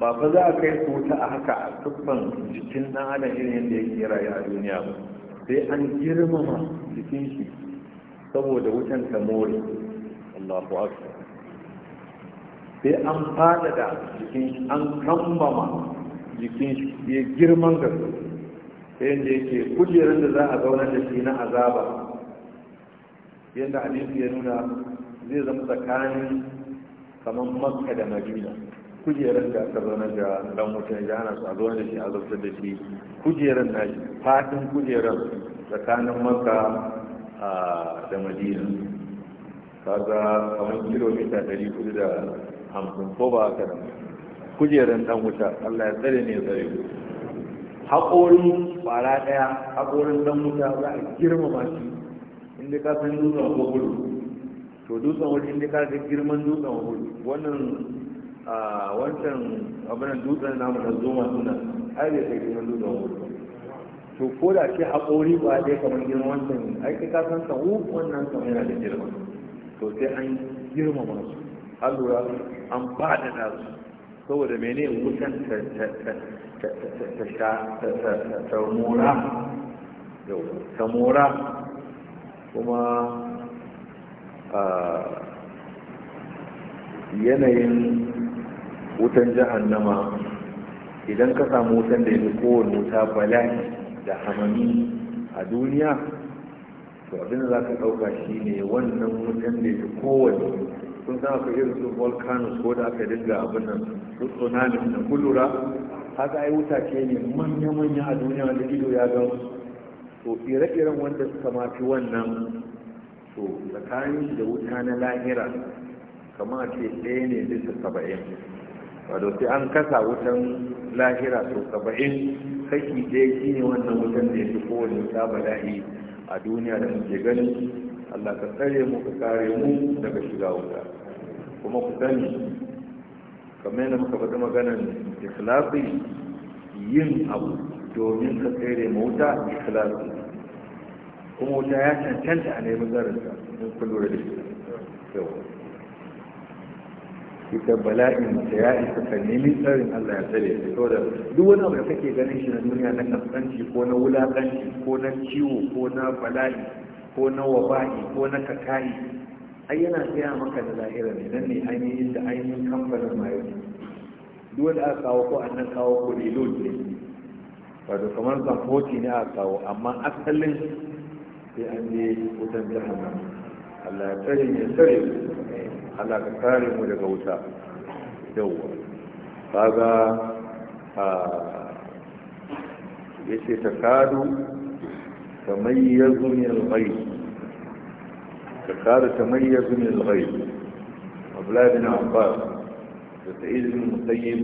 ba ba za a kai ku wuta a haka a tuffan jikin ɗan adam irin yadda yake rayu a duniya ba sai an girmama jikin shi saboda wutan ta more Allahu akbar sai an da jikin shi an kambama jikin shi ya girman su. sai yadda yake kujerar da za a zaunar da shi na azaba yadda hadisi ya nuna zai zama tsakanin kamar makka da madina kujerar da aka zauna ga dan ya hana su a zuwa da shi a zartar da shi kujerar na shi fatin kujerar tsakanin maka da madina kaga kamar kilomita ɗari hudu da hamsin ko ba haka da kujerar dan wuta allah ya tsare ne tsare haƙorin ƙwara ɗaya haƙorin dan wuta za a girmama shi inda ka san dutsen ko gudu to dutsen wani inda ka ga girman dutsen gudu wannan a wancan abinan dutsen namu da zoma suna har da kai girman dutsen wuri to ko da ce haƙori ba dai kamar girman wancan aiki ka san sa uh, wannan kamar yana da girma to sai an girmama su an lura an faɗaɗa su saboda mene wutan ta ta mora ta mora kuma uh, yanayin wutan jahannama idan ka samu wutan da ya kowane wuta bala'i da hamami a duniya to abin da za ka ɗauka shi ne wannan wutan da ya kowane sun san ka irin su volcanoes ko da aka dinga abin nan su tsunami na kulura haka ai wuta ce ne manya-manya a duniya wanda ido ya ga to ire-iren wanda suka mafi wannan to tsakanin da wuta na lahira kamar ce ɗaya ne bisa saba'in da sai an kasa wutan lahira to saba'in kaki ɗaya shi ne wannan wutan da ya fi kowane da bala'i a duniya da muke gani allah ka tsare mu ka kare mu daga shiga wuta kuma ku sani kamar yadda muka faɗi maganar ikhlasi yin abu domin ka tsere ma wuta ikhlasi kuma wuta ya cancanta a neman zarinta in kullum da shi ita bala'in ta ya isa ka nemi tsarin Allah ya tsare ka saboda duk wani abu da kake ganin shi na duniya na kaskanci ko na wulakanci ko na ciwo ko na bala'i ko na waba'i ko na kakai ai yana tsaya maka da lahira ne nan ne ainihin da ainihin kamfanin mayu duk wanda aka kawo ko annan kawo ko reload ne wato kamar zamfoti ne aka kawo amma asalin sai an je wutan jahannam Allah ya tsare ya tsare Allah ka kare mu daga wuta yawwa kaga a yace ta kadu tamayyazu min al-ghayb ta kadu tamayyazu min al-ghayb Abdullah bin Abbas da Sa'id bin Musayyib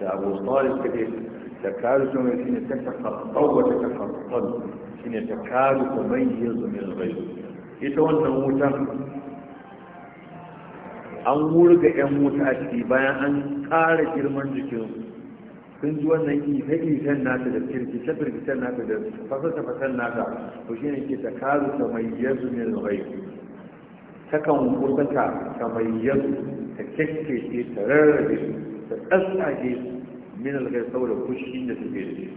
da Abu Talib kade ta kadu tamayyazu ta tafaqqa wa ta tafaqqa shine ta kadu tamayyazu min al-ghayb ita wannan wutan an wurga 'yan wuta a ciki bayan an ƙara girman jikin sun ji wannan yi ife-ifen nata da firgice na nata da fasa-fasan nata ko shi ne ke ta karu ta mai yanzu ne zai ta kan wurgata ta mai yanzu ta kekkece ta rarrabe ta tsasage min alkai saboda kushi da suke da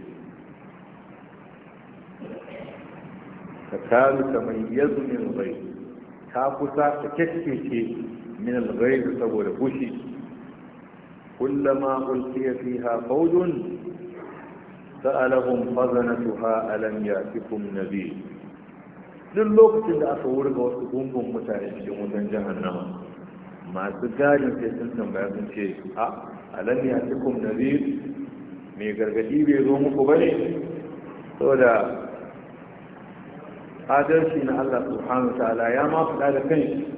ta karu ta mai yanzu ne zai ta kusa ta kekkece min al-ghayb saboda fushi kullama ulqiya fiha fawjun sa'alahum khazanatuha alam yatikum nabi duk lokacin da aka wurga wasu gungun mutane cikin wutan jahannama masu gadin sai sun tambaya sun ce a alam yatikum nabi mai gargadi bai zo muku bane da adalci na Allah subhanahu ya ma faɗa da kai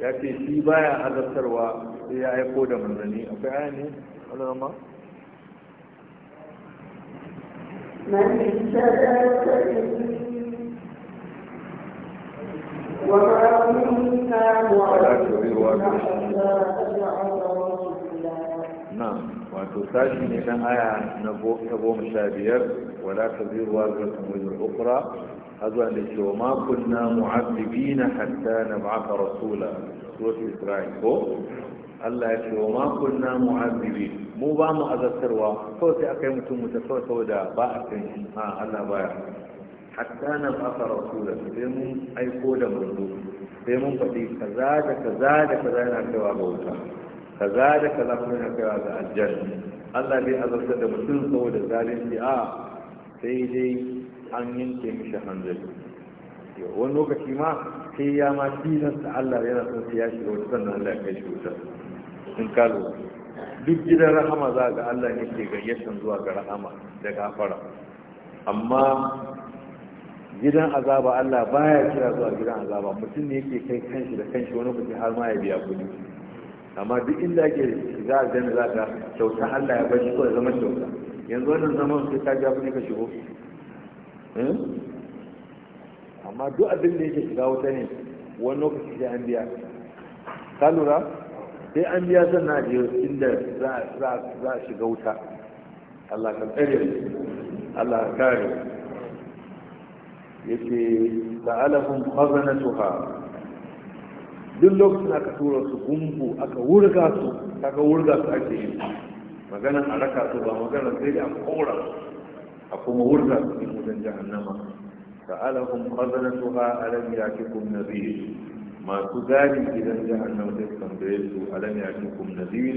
ya ce shi baya azabtarwa sai ya aiko da manzanni akwai aya ne wannan ma من
اهتدى وما كنا معذبين حتى نبعث رسولا
نعم wato sashi ne dan aya na goma sha biyar wala ta zai ruwa azuwa da cewa makon na mu'azzibina hatta na ba'aka rasula suratul isra'il ko Allah ya ce wa makon na mu'azzibi mu ba mu azabtarwa kawai sai aka yi mutum mutum kawai saboda ba a kan shi a Allah baya hatta na ba'aka rasula sai mun aiko da manzo sai mun faɗi kaza da kaza da kaza yana kaiwa ga wuta kaza da kaza kuma yana kaiwa ga aljanna Allah bai azabtar da mutum saboda zalunci a sai dai an yanke mishi hanzari wani lokaci ma sai ya ma ta Allah yana son sai ya shiga wata sannan Allah ya kai shi wuta in ka duk gidan rahama za ga Allah ne ke gayyatan zuwa ga rahama da gafara amma gidan azaba Allah baya kira zuwa gidan azaba mutum ne yake kai kanshi da kanshi wani mutum har ma ya biya kuɗi amma duk inda ake shiga aljanna za ka kyauta Allah ya bar shi ko ya zama kyauta yanzu wannan zaman sai ka biya kuɗi ka shigo Hmm? amma duk abin da yake shiga wuta ne wani lokaci sai an biya ka lura sai an biya san na je inda za a shiga wuta Allah ka tsere Allah ka kare yake sa'alahum khazanatuha duk lokacin aka tura su gungu aka wurga su kaga wurga su ake yi maganar a raka su ba maganin sai da a kora su a kuma wurza su cikin wutan jahannama sa'alahum khazanatuha alam yatikum nadhir masu gadi gidan jahannama sai su tambaye su alam yatikum nadhir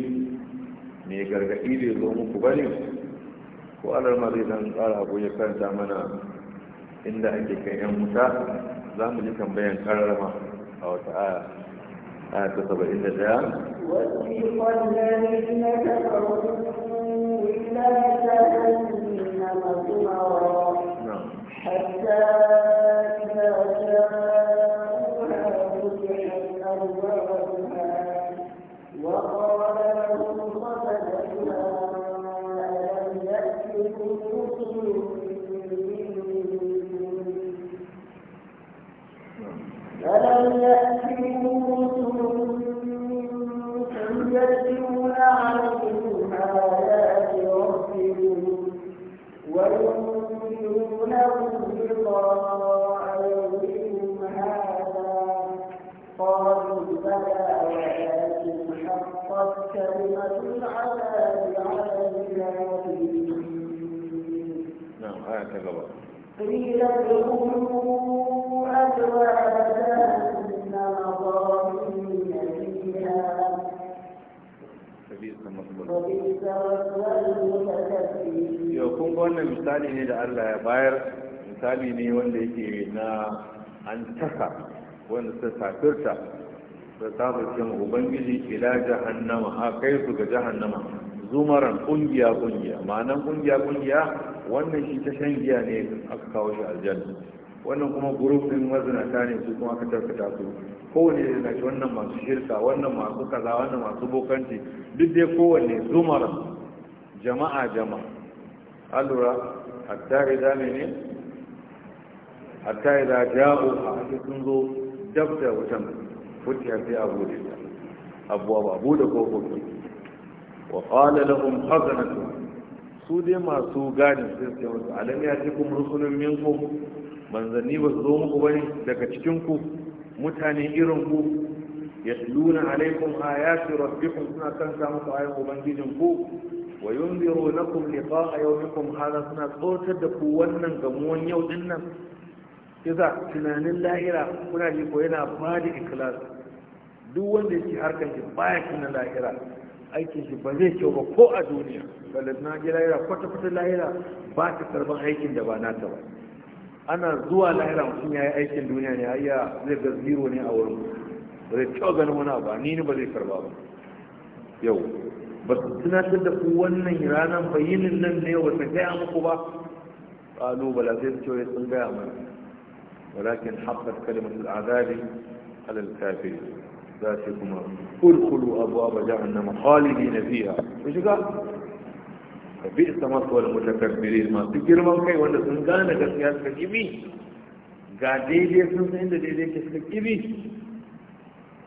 me gargadi bai zo muku bane ko alar ma zai dan tsara abu ya karanta mana inda ake kan yan wuta za mu ji tambayan kararama a wata aya aya ta saba'in da daya
وَإِذْ قَالَ الَّذِينَ كَفَرُوا إِلَّا جهنم زمرا حتى kun
ga wannan misali ne da Allah ya bayar misali ne wanda yake na an taka wanda ta safirta da sabon cin ubangiji ila jahannama a kai su ga jahannama zumaran kungiya kungiya ma'anan kungiya kungiya wannan shi ta shan giya ne aka kawo shi aljanna wannan kuma gurufin mazinata ne su kuma aka tarkata su kowane da na wannan masu shirka wannan masu kaza wannan masu bokanci duk dai kowanne zumaran jama'a jama'a allura hatta idza ne hatta idza ja'u a sun zo dabta wutan futiya sai a bude abuwa ba bude kofofi wa qala lahum khazanatu su dai masu gane sai su wasu alam ya ce kuma rusulun minkum manzanni ba su zo muku bane daga cikin ku mutane irin ku yatluna alaikum ayati rabbikum suna kanta muku ayan ubangijin ku wa yunzirunakum liqa'a yawmikum hada suna tsotar da ku wannan gamuwan yau din nan tunanin lahira kuna ji ko yana ba da ikhlas duk wanda yake harkar ki baya tunan lahira aikin shi ba zai kyau ba ko a duniya balantana ji lahira kwata-kwata lahira ba ta karban aikin da ba nata ba ana zuwa lahira mutum ya yi aikin duniya ne ayya zai ga zero ne a wurin ba zai kyau ganin wani ba ni ne ba zai karba ba yau ba su tunatar da ku wannan ranar bayinin nan ne ba su gaya muku ba ƙalubala sai su ce sun gaya mana walakin haɓɓar kalmatul azabi alal kafiri ذاتكما ادخلوا أبواب جهنم خالدين فيها ايش قال فبئس مثوى المتكبرين ما تكبر من كي وانا سنغانا كسياس كيبي قادي لي سنسا عند دي لي كسياس كجيبي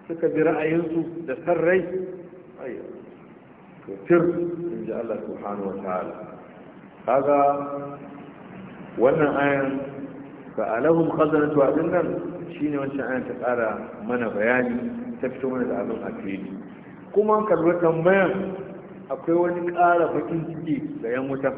سكا برأيينسو دسر أيوه كتر إن جاء الله سبحانه وتعالى هذا وانا آيان فألهم خزنة وعدنا شيني وانشاء آيان تقارى من بياني ta fito mana da abin akiri kuma ka lura tambayan akwai wani ƙara bakin ciki da yan wutan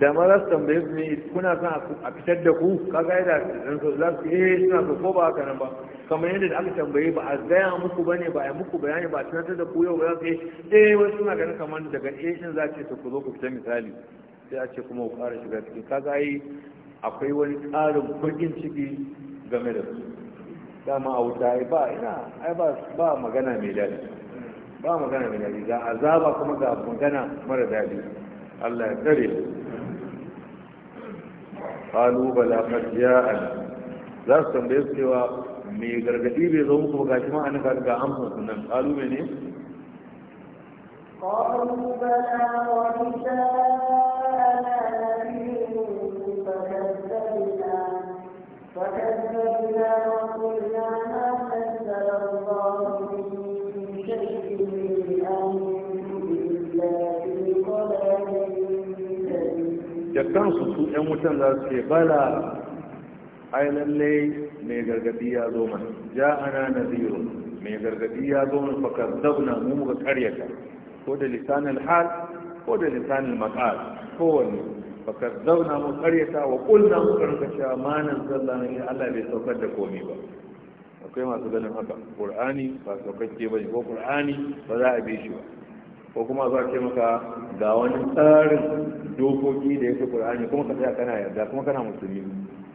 da ma za su tambaye su ne kuna son a fitar da ku kaga yadda dan so za su eh suna so ko ba haka nan ba kamar yadda da aka tambaye ba a gaya muku bane ba a yi muku bayani ba a tunatar da ku yau ba za su eh wasu suna ganin kamar daga eh din za ce ku zo ku fita misali sai a ce kuma ku ƙara shiga ciki kaga yi akwai wani ƙarin bakin ciki game da su dama a wuta ai ba ina ai ba ba magana mai dadi ba magana mai dadi ga azaba kuma ga magana mara dadi Allah ya tsare qalu bala qad ja'a za su tambaye su cewa me gargadi bai zo muku ba gashi ma an ga ga amsa sunan qalu ne
qalu bala qad ja'a فكذبنا وقلنا ما نزل الله من شيء da kansu su ‘yan wutan za su ke bala
ai lallai mai gargadi ya zo mana ja ana na zero mai gargadi ya zo mana fakar zauna mu muka karyata ko da lisanin hal ko da lisanin makar. kowanne zauna wa مقريتا mu مقريتا manan نزل لنا Allah bai saukar da komai ba akwai masu ganin haka qur'ani ba saukakke bane ko qur'ani ba za a bi shi ba ko kuma za a ce maka ga wani tsarin dokoki da yake qur'ani kuma ka tsaya kana yarda kuma kana musulmi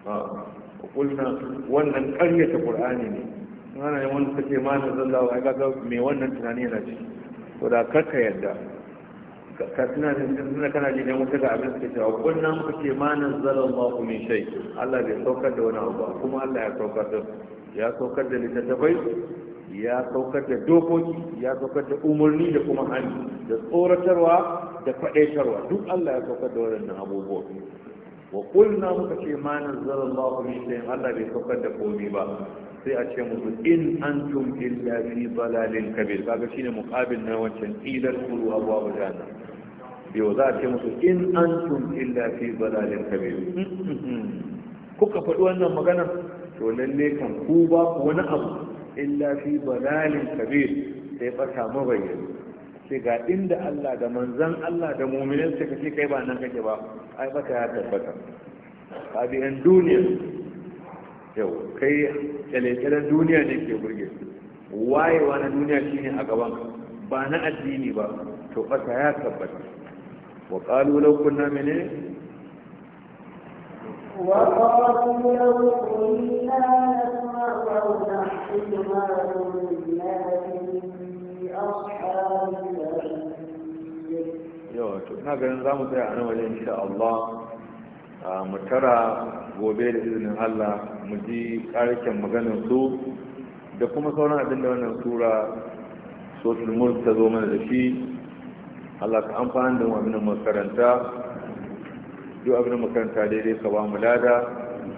ha kulna wannan karyata qur'ani ne ana yin wanda take manan na zallawa ai ga me wannan tunani yana ci to da karka yarda ka suna suna kana jin yan wuta ga abin suke cewa kunnan muka ce ma nan zalan ba min shai Allah bai saukar da wani abu kuma Allah ya saukar da ya saukar da littattafai ya saukar da dokoki ya saukar da umarni da kuma hali da tsoratarwa da faɗaitarwa duk Allah ya saukar da waɗannan abubuwa wa kulna muka ce ma nan zalan min shai Allah bai saukar da komai ba sai a ce musu in antum illa fi dalalin kabir kaga shine muqabil na wancan ilal qulu abwaab jana biyo za a ce musu in antum illa fi dalalin kabir hmm, hmm, hmm. kuka faɗi wannan magana to lalle kan ku ba ku wani abu illa fi dalalin kabir sai fata mabayi sai ga inda Allah da manzan Allah da mu'minin suka ce kai ba nan kake ba ai baka ya tabbata kabi duniya yau kai kyale-kyalen duniya ne ke burge wayewa na duniya shine a gaban ba na addini ba to bata ya tabbata wa qalu law kunna mene
wa qalu law kunna nasma'u aw nahdu ma kunna fi ashabil jannah
yau to na ganin zamu tsaya a nan wajen insha Allah mu tara gobe da izinin Allah mu ji ƙarken maganar su da kuma sauran abin da wannan sura social mulk ta zo mana da shi Allah ka amfani da abin da makaranta duk abin da makaranta daidai ka ba mu lada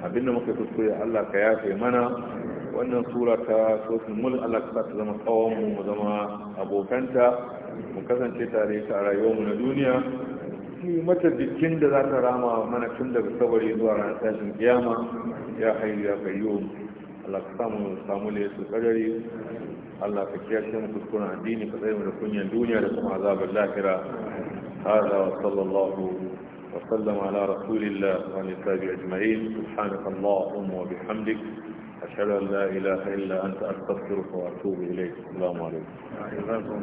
abin da muka ya Allah ka yafe mana wannan sura ta social mulk Allah ka ta zama tsawon mu mu zama abokanta mu kasance tare ta rayuwar mu na duniya في متذكين ذات راما من كل بصبر يدور على ساج القيامة يا حي يا قيوم الله كتام سامو ليس القدري الله كتياشم كتكون عديني كتير من الدنيا الدنيا لكم عذاب الآخرة هذا صلى الله وسلم على رسول الله وعلى التابع أجمعين سبحانك اللهم وبحمدك أشهد أن لا إله إلا أنت أستغفرك وأتوب إليك السلام عليكم